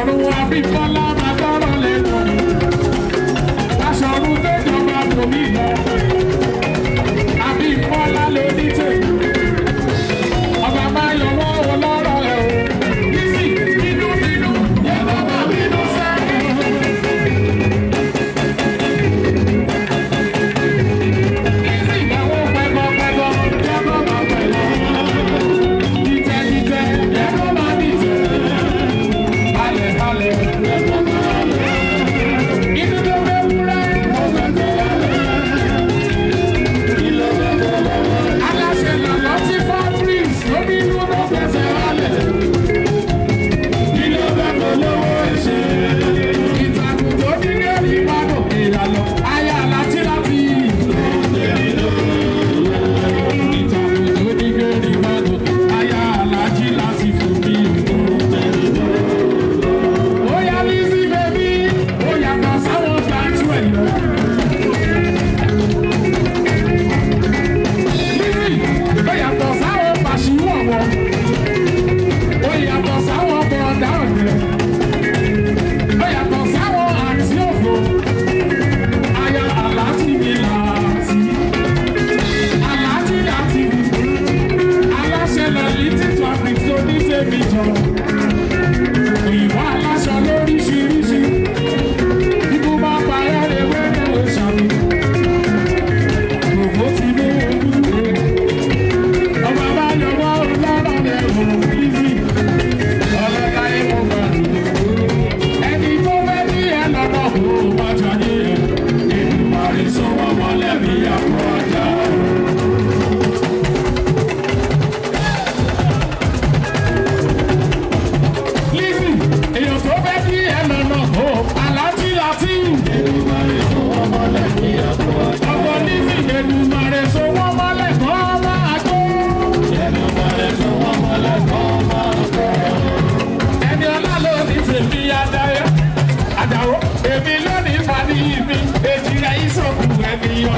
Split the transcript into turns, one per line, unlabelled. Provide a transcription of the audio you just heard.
ọ̀run Abímbọ́lá máa gbọ́rọ̀ lẹ́nu aṣọ ọ̀run tẹ́jọba tòmí lọ Abímbọ́lá lóní tẹ́. It's this semi-job. Èdùmàrè so wọ́n mọ́lẹ̀ kọ́ máa tó. Èdùmàrè so wọ́n mọ́lẹ̀ kọ́ máa tó. ẹni ọlá ló ní tèmi adáyọ àdàwọ èmi lónìí fani mi